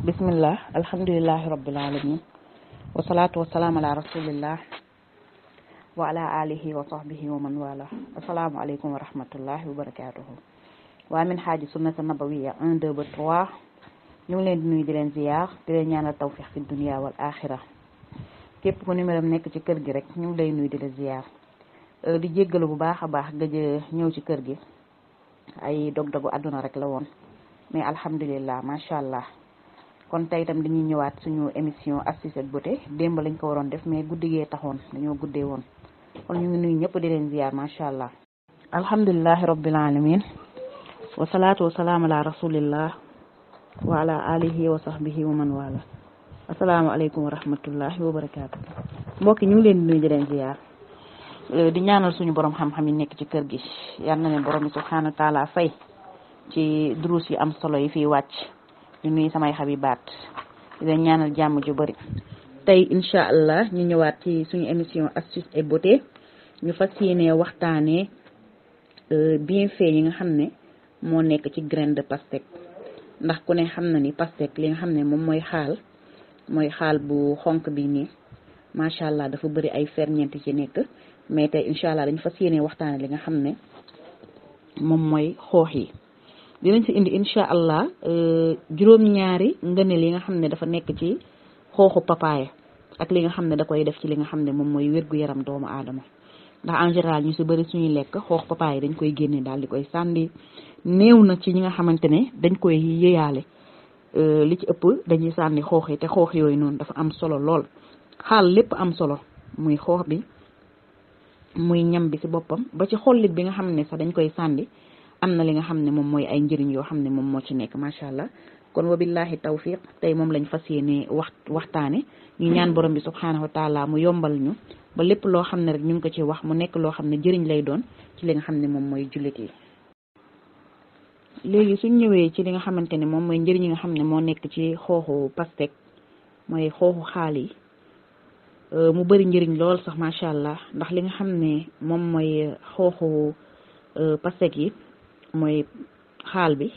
bismillah alhamdulillahi rabbil alamin wa salaatu wa salaam ala rasulillah wa ala alihi wa sahbihi wa man wala assalaamu aleykum wa rahmatullahi wa barakatuhu waa min xaaji sunnata nabawiya 1 2 ba 3 ñu ngi leen di nuyu di leen ziyaar di leen ñaanal tawfiq fi dunia wal axira képp ku numéro nekk ci kër gi rek ñu ngi lay nuyu di la ziyaar di jéggalu bu baax a baax gëj ñëw ci kër gi ay dog-dogu àdduna rek la woon mais alhamdulillah macha allah kon tay tam dañuy ñëwaat suñu émission astuce ak beauté demb lañ ko waroon def mais guddi taxoon dañoo guddé woon kon ñu ngi nuyu ñëpp di leen ziar sha allah alhamdulillahi rabbil alamin wa salatu wa salam ala rasulillah wa ala alihi wa sahbihi wa man wala assalamu alaykum wa rahmatullahi wa barakatuh mbokk ñu ngi leen nuyu di leen ziar eh, di ñaanal suñu borom xam-xam yi nekk ci kër gi yalla na borom subhanahu wa taala fay ci drus yi am solo yi fi wacc di nuyu samay xabibaat di leen ñaanal jàmm ju bari tey incha allah ñu ñëwaat ci suñu émission astuce et beauté ñu fas yéene waxtaanee euh, bienfait yi nga xam ne moo nekk ci graine de ndax ku ne xam na ni li nga xam ne moom mooy xaal mooy xaal bu xonq bi nii macha allah dafa bëri ay ferñeent ci nekk mais tey incha allah dañu fas yéene waxtaanee li nga xam ne moom mooy xoox yi. dinañ si indi incha allah euh, juróom-ñaari ngëneel yi nga xam ne dafa nekk ci xooxu papaaya ak li nga xam ne da koy def ci li nga xam ne moom mooy wér yaram doomu aadama ndax en général ñu si bëri suñuy lekk xoox papaaya dañ koy génne daal di koy sànni néew na ci ñi nga xamante ne dañ koy yëyaale euh, li ci ëpp dañuy sànni xoox yi te xoox yooyu noonu dafa am solo lool xaal lépp am solo muy xoox bi muy ñam bi si boppam ba ci xollit bi nga xam ne sax dañ koy sànni am na li nga xam ne moom mooy ay njëriñ yoo xam ne moom moo ci nekk macha allah kon wabillahi tawfiq tey moom lañ fas yéene wax waxtaane ñu ñaan borom bi subhanahu wa taala mu yombal ñu ba lépp loo xam ne rek ñu ngi ko ci wax mu nekk loo xam ne jëriñ lay doon ci li nga xam ne moom mooy jullit yi suñ ñëwee ci li nga xamante ne moom mooy njëriñ yi nga xam ne moo nekk ci xooxu pastèque mooy xooxu xaal euh, mu bëri njëriñ lool sax macha allah ndax li nga xam ne moom mooy xooxu euh, pastèque yi mooy xaal bi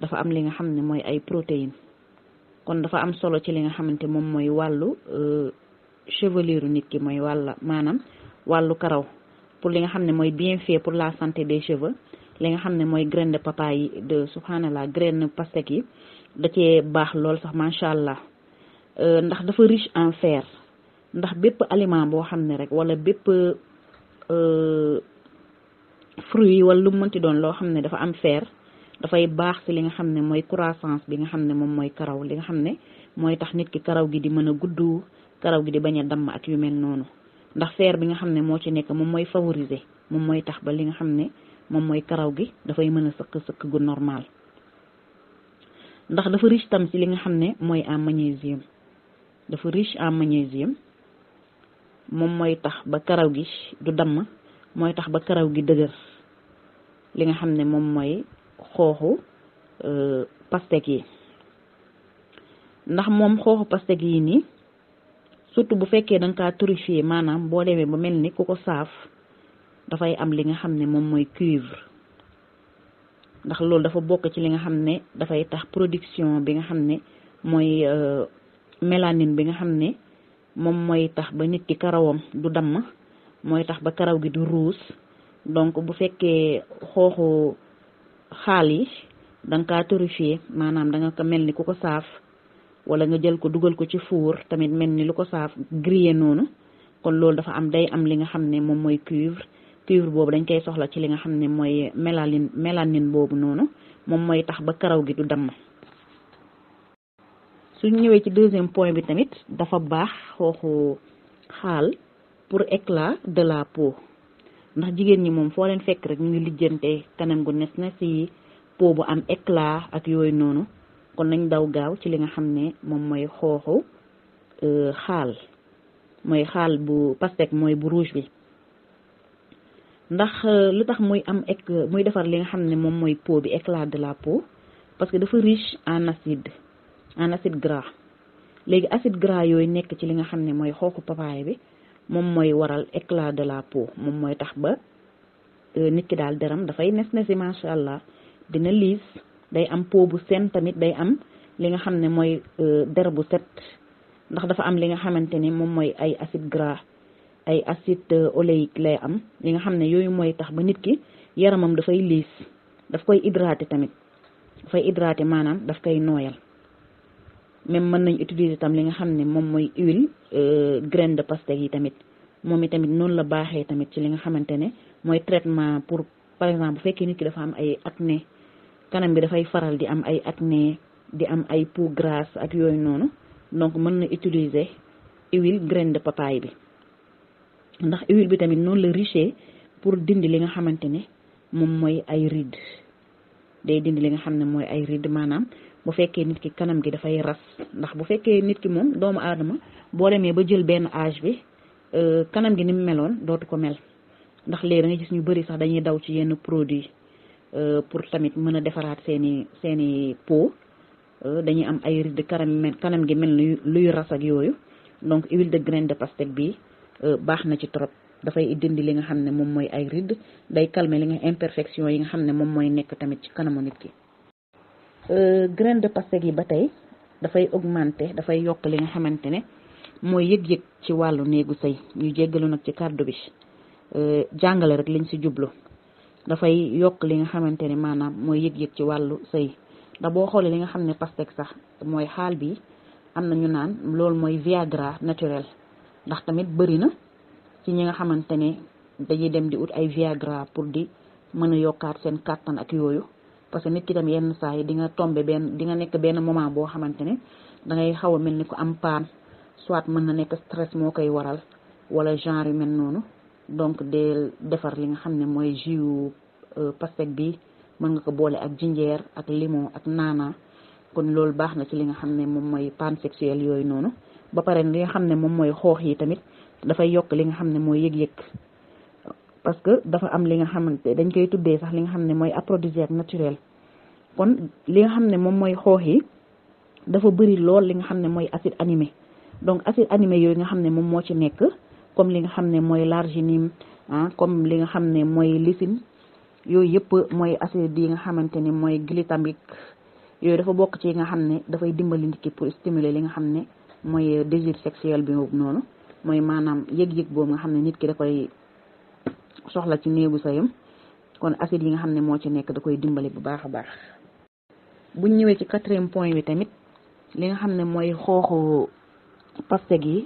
dafa am li nga xam ne mooy ay protéines kon dafa am solo ci li nga xamante moom mooy wàllu euh, chevelure nit ki mooy wàlla maanaam wàllu karaw pour li nga xam ne mooy bien bienfait pour la santé des cheveux li nga xam ne mooy graine de papaye yi de subhanallah graine pastèque yi da cee baax lool sax macha allah euh, ndax dafa riche en fer ndax bépp aliment boo xam ne rek wala bépp euh, fruit yi wala lu mënti doon loo xam ne dafa am fer dafay baax ci li nga xam ne mooy croissance bi nga xam ne moom mooy karaw li nga xam ne mooy tax nit ki karaw gi di mën a gudd karaw gi di bañ a damm ak yu mel noonu ndax fer bi nga xam ne moo ci nekk moom mooy favoriser moom mooy tax ba li nga xam ne moom mooy karaw gi dafay mën a sëkk sëkk gu normal ndax dafa riche tam ci li nga xam ne mooy en magnésium dafa riche en magnésium moom mooy tax ba karaw gi du damm mooy tax ba karaw gi dëgër li nga xam ne moom mooy xooxu euh, pastèque yi ndax moom xooxu pastèque yi nii surtout bu fekkee da nga kaa torréfier maanaam boo demee ba mel ni ku ko saaf dafay am li nga xam ne moom mooy cuivre ndax loolu dafa bokk ci li nga xam ne dafay tax production bi nga xam ne mooy euh, mélanine bi nga xam ne moom mooy tax ba nit ki karawam du damm mooy tax ba karaw gi du ruus donc bu fekkee xooxu xaal yi da ka kaa maanaam da nga ko mel ni ku ko saaf wala nga jël ko dugal ko ci four tamit mel ni lu ko saaf grillé noonu kon loolu dafa am day am li nga xam ne moom mooy cuivre cuivre boobu dañ koy soxla ci li nga xam ne mooy mélanine mélanine boobu noonu moom mooy tax ba karaw gi du damm. suñ ñëwee ci deuxième point bi tamit dafa baax xooxu xaal pour éclat de la peau ndax jigéen ñi moom foo leen fekk rek ñu ngi lijjante kanam gu nes nes yi peau bu am éclat ak yooyu noonu kon nañ daw gaaw ci li nga xam ne moom mooy xooxu euh, xaal mooy xaal bu pastèque mooy bu rouge bi ndax euh, lu tax muy am ek muy defar li nga xam ne moom mooy peau bi éclat de la peau parce que dafa riche en acide en acide gras léegi acide gras yooyu nekk ci li nga xam ne mooy xooxu papaye bi moom mooy waral éclat de la peau moom mooy tax ba euh, nit ki daal deram dafay nes nesi macha allah dina liis day am peau bu seen tamit day am li nga xam ne mooy euh, der bu set ndax dafa am li nga xamante ni moom mooy ay acide gras ay acide euh, oléique lay am li nga xam ne yooyu mooy tax ba nit ki yaramam dafay liis daf koy hydraté tamit dafay hydraté maanaam daf koy nooyal même mën nañ utiliser tam li nga xam ne moom mooy huile euh, graine de pastèque yi tamit moom itamit tamit noonu la baaxee tamit ci li nga xamante ne mooy traitement pour par exemple bu fekkee nit ki dafa am ay acné kanam bi dafay faral di am ay acné di am ay peau grasse ak yooyu noonu donc mën na utiliser huile graine de papaye bi ndax huile bi tamit noonu la riche pour dindi li nga xamante ne moom mooy ay rid day dindi li nga xam ne mooy ay rides maanaam bu fekke nit ki kanam gi dafay ras ndax bu fekke nit ki mom doomu adama bo demee ba jël ben âge bi euh, kanam gi ni mu meloon dootu ko mel ndax lé da nga gis ñu bëri sax dañuy daw ci yenn produit euh, pour tamit mëna défarat defaraat seen po. seen peau euh, dañuy am ay rides kanam kanam gi mel luy ras ak yoyu donc huile de graine de pastèque bi baax na ci trop fay dindi li nga xamne mom moy ay ride day calmer li nga imperfection yi nga xamne mom moy nek tamit ci kanam nit ki. Euh, graine de pastèque yi ba tey dafay augmenter dafay yokk li nga xamante ne mooy yëg-yëg ci wàllu néegu sëy ñu jéggalu nag ci kàddu bi euh, jàngale rek liñ si jublu dafay yokk li nga xamante ne maanaam mooy yëg-yëg ci wàllu sëy ndax boo xoolee li nga xam ne pastèque sax mooy xaal bi am na ñu naan loolu mooy viagra naturel ndax tamit bëri na ci ñi nga xamante ne dañuy dem di ut ay viagra pour di mën a yokkaat seen kàttan ak yooyu parce que :fra nit ki tam yenn saa yi di nga tombé :fra benn di nga nekk benn moment boo xamante ne dangay ngay xaw a mel ni ko am paan soit mën na nekk stress :fra moo koy waral wala genre :fra yu mel noonu donc de defar li nga xam ne mooy jus :fra %e euh, pastèque bi mën nga ko boole ak jinjeer ak limon ak naana kon loolu baax na ci li nga xam ne moom mooy panne :fra yooyu noonu ba pare li nga xam ne moom mooy xoox yi tamit dafay yokk li nga xam ne mooy yëg-yëg parce que dafa am li nga xamante dañ koy tuddee sax li nga xam ne mooy aphrodisiaque naturel kon li nga xam ne moom mooy xoox yi dafa bëri lool li nga xam ne mooy acide aminé donc acide aminé yooyu nga xam ne moom moo ci nekk comme li nga xam ne mooy l'arginine ah comme li nga xam ne mooy lysine yooyu yëpp mooy acide yi nga xamante ne mooy glutamique yooyu dafa bokk ci yi nga xam ne dafay dimbali nit ki pour stimuler li nga xam ne mooy désir sexuel bi boobu noonu mooy maanaam yëg-yëg boobu nga xam ne nit ki da koy soxla ci néegu sayam kon acide yi nga xam ne moo ci nekk da koy dimbali bu baax a baax buñ ñëwee ci quatrième point bi tamit li nga xam ne mooy xooxu pastèque yi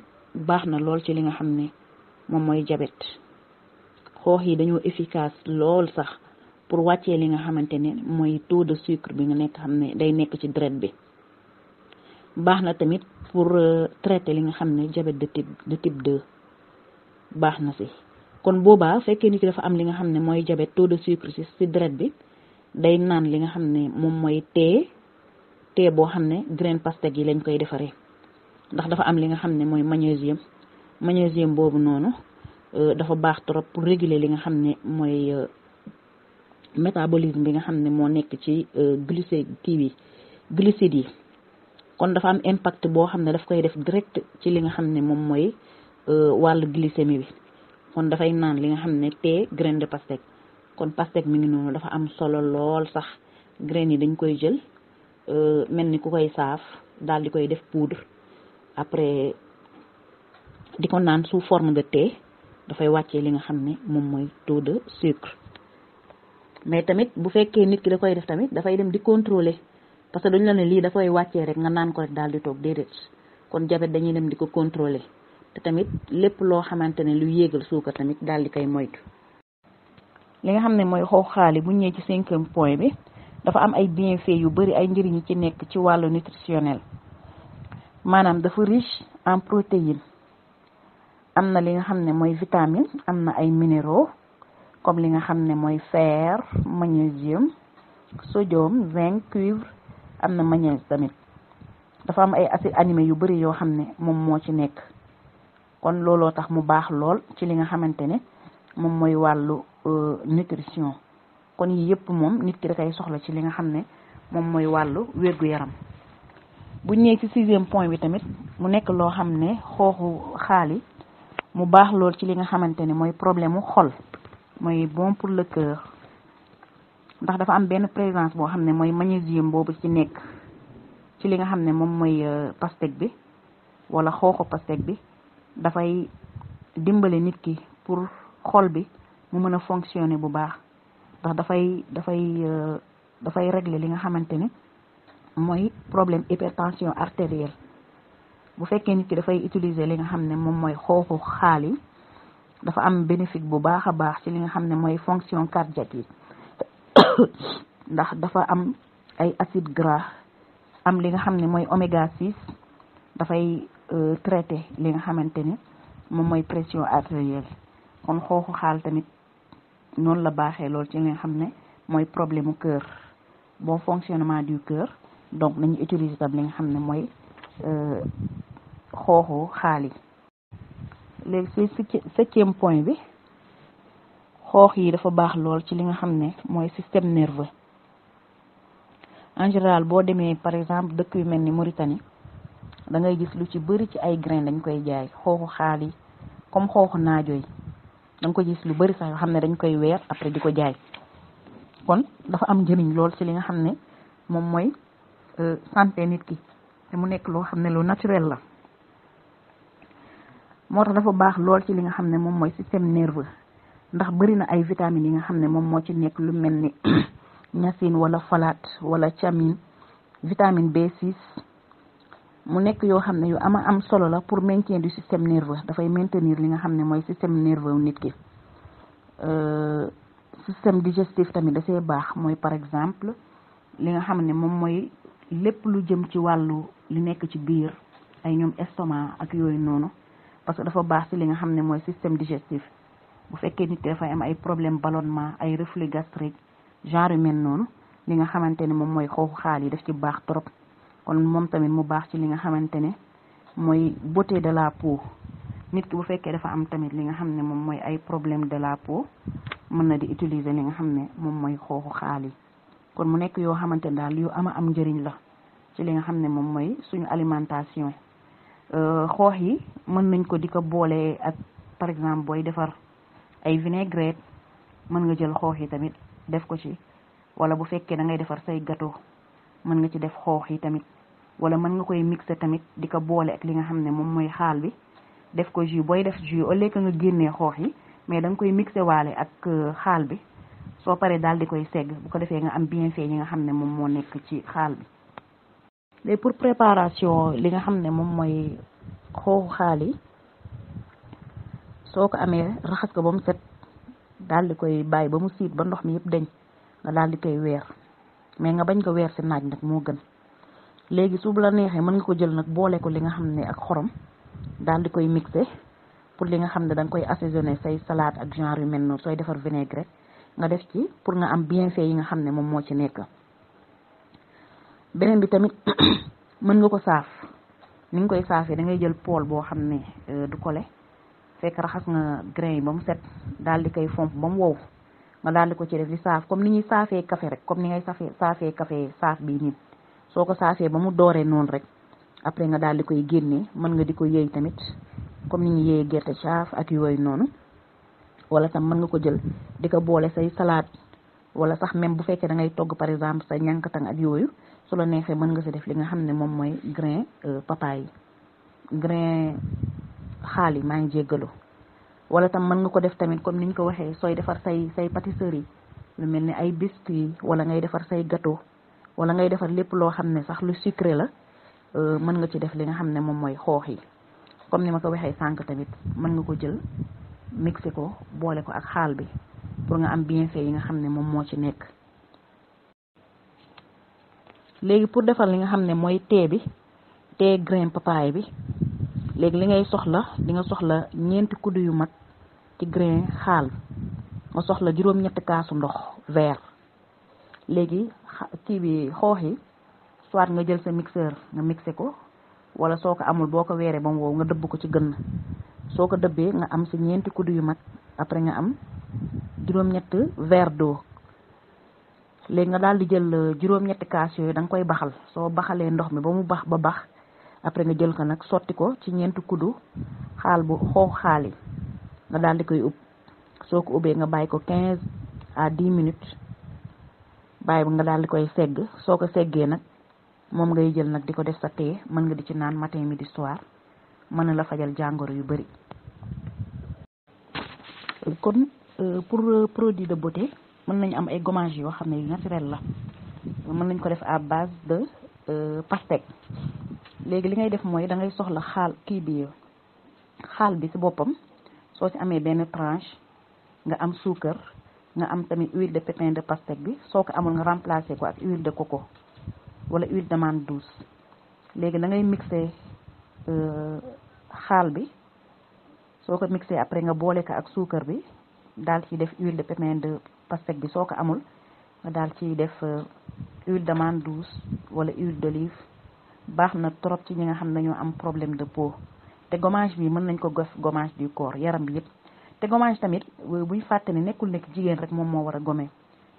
baax na lool ci li nga xam ne moom mooy jabet xoox yi dañoo efficace lool sax pour wàccee li nga xamante ne mooy taux de sucre bi nga nekk xam ne day nekk ci deret bi baax na tamit pour euh, traiter li nga xam ne jabet de type de type 2 baax na si kon boobaa fekkee nit ki dafa am li nga xam ne mooy jabet taux de sucre si si deret bi day naan li nga xam ne moom mooy tee tee boo xam ne graine pastèque yi lañ koy defaree ndax dafa am li nga xam ne mooy magnésium magnésium boobu noonu euh, dafa baax trop pour réguler li nga xam ne mooy euh, métabolisme bi nga xam ne moo nekk ci euh, glucé kii bi glucides yi kon dafa am impact boo xam ne daf koy def direct ci li nga xam ne moom mooy wàllu glycémie bi kon dafay naan li nga xam ne te graine de pastèque kon pastèque mi ngi noonu dafa am solo lool sax graine yi dañ koy jël euh, mel ni ku koy saaf daal di koy def poudre après di ko naan sous forme de thé dafay wàccee li nga xam ne moom mooy taux de sucre mais tamit bu fekkee nit ki da koy def tamit dafay dem di controler parce que dañu la ne lii koy wàcce rek nga naan ko rek daal di toog déedéet kon jabet dañuy dem di ko contrôler te tamit lépp loo xamante ne lu yéegal suukar tamit daal di koy moytu li nga xam ne mooy xooxaali bu ñëwee ci cinquième point bi dafa am ay bienfaits yu bari ay njëriñ yi ci nekk ci wàllu nutritionnel maanaam dafa riche en protéines am na li nga xam ne mooy vitamine am na ay minéraux comme li nga xam ne mooy fer magnésium sodium zinc cuivre am na magnésium tamit dafa am ay acides aminés yu bari yoo xam ne moom moo ci nekk kon lolo tax mu bax lol ci li nga xamantene mom moy walu euh, nutrition kon yi yëpp moom nit ki da koy soxla ci li nga xam mom moy walu wergu yaram bu ñëwee ci 6e point bi tamit mu nek lo xam ne xali mu bax lol ci li nga xamantene moy mooy problème xol moy bon pour le cœur ndax dafa am ben présence bo xam moy magnésium bobu ci nek ci li nga xam mom moy euh, pastèque bi wala xooxu pastèque bi dafay dimbale nit ki pour xol bi mu mën a fonctionner bu baax ndax dafay dafay euh, dafay régler li nga xamante ne mooy problème hypertension artérielle bu fekkee nit ki dafay utiliser li nga xam ne moom mooy xooxu xaal dafa am bénéfice bu baax a baax ci li nga xam ne mooy fonction cardiaque yi ndax dafa am ay acide gras am li nga xam ne mooy oméga 6 dafay Euh, traité li nga xamante ni pression artérielle kon xooxu xal tamit non la baxé lool ci nga xamné moy problème cœur bon fonctionnement du cœur donc nañu utiliser tam li nga xamné moy euh xooxu xali le septième point bi xox yi dafa bax lool ci li nga xamné moy système nerveux en général bo démé par exemple dëkk yu melni Mauritanie. da ngay gis lu ci bari ci ay grain dañ koy jaay xooxu xaali comme xooxu naajo yi da nga ko gis lu bëri sax yoo xam ne dañ koy weer après di ko jaay kon dafa am njëriñ lool ci li nga xam ne moom mooy euh, santé nit ki te mu nekk loo xam ne lu naturel la moo tax dafa baax lool ci li nga xam ne moom mooy système nerveux ndax bari na ay vitamines yi nga xam ne moom moo ci nekk lu mel ni ñasin wala falaat wala camine vitamine b mu nekk yoo xam ne yu ama am solo la pour maintien du système nerveux dafay maintenir li nga xam ne mooy système nerveux nit ki euh, système digestif tamit da see baax mooy par exemple li nga xam ne moom mooy lépp lu jëm ci wàllu li nekk ci biir ay ñoom estomac ak yooyu noonu parce que dafa baax ci li nga xam ne mooy système digestif bu fekkee nit ki dafay am ay problème ballonnement ay reflux gastrique genre yu mel noonu li nga xamante ne moom mooy xooxu xaal yi daf ci baax trop kon moom tamit mu baax ci li nga xamante ne mooy beauté de la peau nit ki bu fekkee dafa am tamit li nga xam ne moom mooy ay problème de la peau mën na di utiliser li nga xam ne moom mooy xooxu xaal yi kon mu nekk yoo xamante ne daal yu ama am njëriñ la ci li nga xam ne moom mooy suñu alimentation euh, xoox yi mën nañ ko di ko boole ak par exemple booy defar ay vinaigrette mën nga jël xoox yi tamit def ko ci wala bu fekkee da ngay defar say gato mën nga ci def xoox yi tamit wala mën nga koy mixer tamit di ko boole ak li nga xam ne moom mooy xaal bi def ko jus booy def jus au lieu nga génnee xoox yi mais da koy mixer waale ak euh, xaal bi soo paree daal di koy segg bu ko defee nga am bienfait yi nga xam ne moom moo nekk ci xaal bi pour préparation li nga xam ne moom mooy xooxu xaal yi soo ko amee raxas ko ba mu set daal di koy bàyyi ba mu siit ba ndox mi yëpp dañ nga daal di koy weer mais nga bañ ko weer si naaj nag moo gën léegi su la neexee mën nga ko jël nag boole ko li nga xam ne ak xorom daal di koy mixé pour li nga xam ne da nga koy assaisonné say salaat ak genre yu mel noonu sooy defar vinaigrette nga def ci pour nga am bien bienfait yi nga xam ne moom moo ci nekk. beneen bi tamit mën nga ko saaf ni nga koy saafee da ngay jël pool boo xam ne euh, du kole fekk raxas nga grain yi ba mu set daal di koy fomp ba mu wow nga daal di ko ci def di saaf comme ni ñuy saafee café rek comme ni ngay saafee saafee café saaf bii nii. soo ko saasee ba mu dooree noonu rek après nga daal di koy génne mën nga di ko yëy tamit comme ni ñu yëyee gerte caaf ak yooyu noonu wala tam mën nga ko jël di ko boole say salade wala sax même bu fekkee da ngay togg par exemple sa ñànkatang ak yooyu su la neexee mën nga si def li nga xam ne moom mooy grain euh, papaye grain xaal yi maa ngi jéggalu wala tam mën nga ko def tamit comme ni ñu ko waxee sooy defar say say pâtisserie lu mel ni ay biscuit wala ngay defar say gâteau wala ngay defar lépp loo xam ne sax lu sucré la euh, mën nga ci def li nga xam ne moom mooy xoox yi comme ni ma ko waxee sànq tamit mën nga ko jël mixé ko boole ko ak xaal bi pour nga am bienfait yi nga xam ne moom moo ci nekk léegi pour defar li nga xam ne mooy thé bi thé grain papaye bi léegi li ngay soxla di nga soxla ñeenti kuddu yu mag ci grain xaal nga soxla juróom-ñetti kaasu ndox vert léegi kii bi xoox yi soit nga jël sa mixeur nga mixé ko wala soo ko amul boo ko weeree ba wow nga dëbb ko ci gën soo ko dëbbee nga am si ñeenti kuddu yu mag après nga am juróom-ñett verre léegi nga daal di jël euh, juróom-ñetti kaas yooyu da koy baxal soo baxalee ndox mi ba mu bax ba bax après nga jël ko nag sotti ko ci ñeenti kuddu xaal bu xoox xaal yi nga daal di koy ub soo ko ubbee nga bàyyi ko 15 à 10 minutes bàyyi ba nga daal di koy segg soo ko seggee nag moom ngay jël nag di ko def sa tee mën nga di ci naan matin midi soir mën na la fajal jàngoro yu bari kon euh, pour euh, produit de beauté mën nañ am ay gommage yoo xam ne yu naturel la mën nañ ko def à base de euh, pastèque léegi li ngay def mooy da ngay soxla xaal kii bi xaal bi ci boppam soo ci amee benn tranche nga am suukar nga am tamit huile de pépin de pastèque bi soo ko amul nga remplacer ko ak huile de coco wala huile de douce léegi da ngay mixer euh, xaal bi soo ko mixer après nga boole ko ak sucre bi daal ci def huile de pépin de pastèque bi soo ko amul nga daal ci def euh, huile de douce wala huile d'olive baax na trop ci ñi nga xam ne dañoo am problème de peau te gommage bi mën nañ ko gof gommage du corps yaram bi te gommage tamit buñ fàtte ne nekkul nekk jigéen rek moom moo war a gome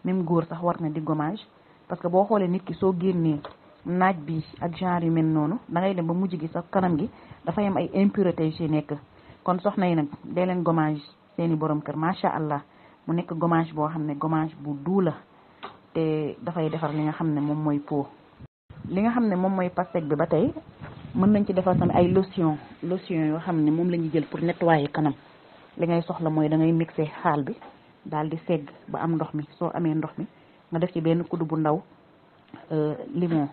même góor sax war na di gommage parce que boo xoolee nit ki soo génnee naaj bi ak genre yu mel noonu da ngay dem ba mujj gi sax kanam gi dafay am ay impureté yu ci nekk kon soxna yi nag dee leen gommage seeni borom kër macha allah mu nekk gommage boo xam ne gommage bu duu la te dafay defar li nga xam ne moom mooy peau li nga xam ne moom mooy pastèque bi ba tey mën nañ ci defar tamit ay lotion lotion yoo xam ne moom la ñuy jël pour nettoyer kanam li ngay soxla mooy da ngay mixé xaal bi daal di segg ba am ndox mi soo amee ndox mi nga def ci benn kuddu bu ndaw euh, limon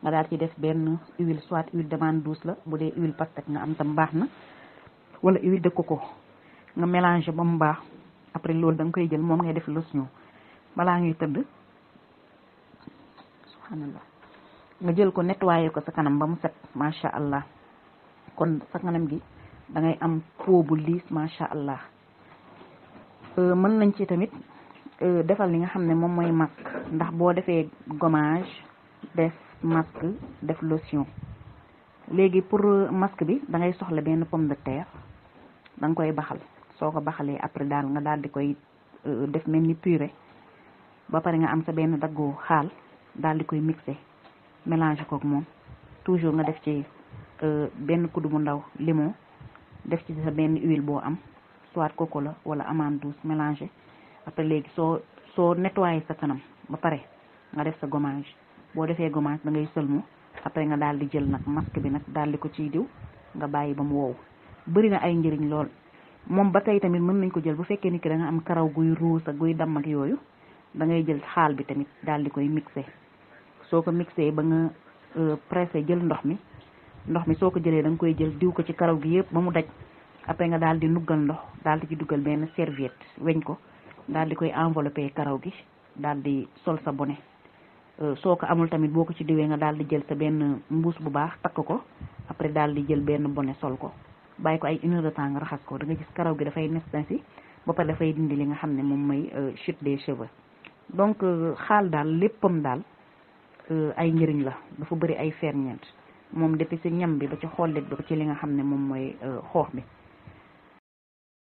nga daal ci def benn huile soit huile douce la bu huile pastèque nga am tam baax na wala huile de coco nga mélanger ba mu baax après loolu da nga koy jël moom ngay def lotion balaa ngay tëdd subhanallah nga jël ko nettoyer ko sa kanam ba set macha allah kon sa kanam gi da ngay am peau bu liis macha allah euh, mën nañ ci tamit euh, defal li nga xam ne moom mooy masque ndax boo defee gommage def masque def lotion léegi pour euh, masque bi dangay soxla benn pomme de terre da koy baxal soo ko baxalee après daal nga daal di koy def mel ni purée ba pare nga am sa benn daggu xaal daal di koy mixé mélange kook moom toujours nga def ci benn kuddu bu ndaw limon def ci sa benn huile boo am soit coco la wala amande douce mélangé après léegi soo soo nettoyé sa kanam ba pare nga def sa gommage boo defee gommage da ngay sëlmu après nga daal di jël nag masque bi nag dal di ko ciy diw nga bàyyi ba mu wow bëri na ay njëriñ lool moom ba tey tamit mën nañ ko jël bu fekkee ni ki da am karaw guy ruus a guy damm ak yooyu da ngay jël xaal bi tamit daal di koy mixé soo ko mixé ba nga euh, pressé jël ndox mi ndox mi soo ko jëlee danga koy jël diw ko ci karaw gi yëpp ba mu daj après nga daal di nuggal ndox daal di ci dugal benn serviette weñ ko daal di koy enveloppé karaw gi daal di sol sa bonnet euh, soo ko amul tamit boo ko ci diwee nga daal di jël sa benn mbuus bu baax takk ko après daal di jël benn bone sol ko bàyyi ko ay une heure de temps nga da nga gis karaw gi dafay nes na si ba pare dafay dindi li nga xam ne moom mooy euh, chute des cheveux donc euh, xaal daal léppam daal ay njëriñ la dafa bëri ay ferñeent moom depuis si ñam bi ba ci xollit bi ba ci li nga xam ne moom mooy euh, xoox bi